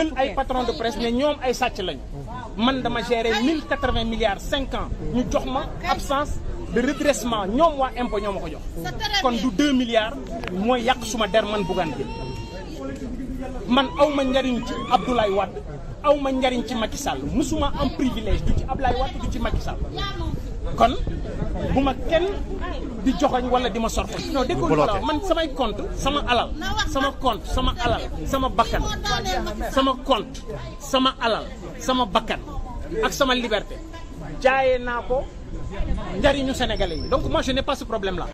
jël ay patron de presse ne ñoom ay sàcc lañu man dama gérer mille quatre vingt milliards cinq ans ñu jox ma absence de redressement ñoom waa impôt ñoo ma ko jox kon du deux milliards mooy yàq suma der man Bougane bi man aw ma njariñ ci Abdoulaye Wade aw ma njariñ ci Macky Sall musuma am privilège du ci Abdoulaye Wade du ci Macky Sall kon bu kenn di joxoñ wala di ma sorte non déggoo man samay compte sama alal sama compte sama alal sama bakkan sama compte sama alal sama bakkan ak sama liberté jaayee naa ko njariñu sénégalais yi donc moi je n'ai pas ce problème là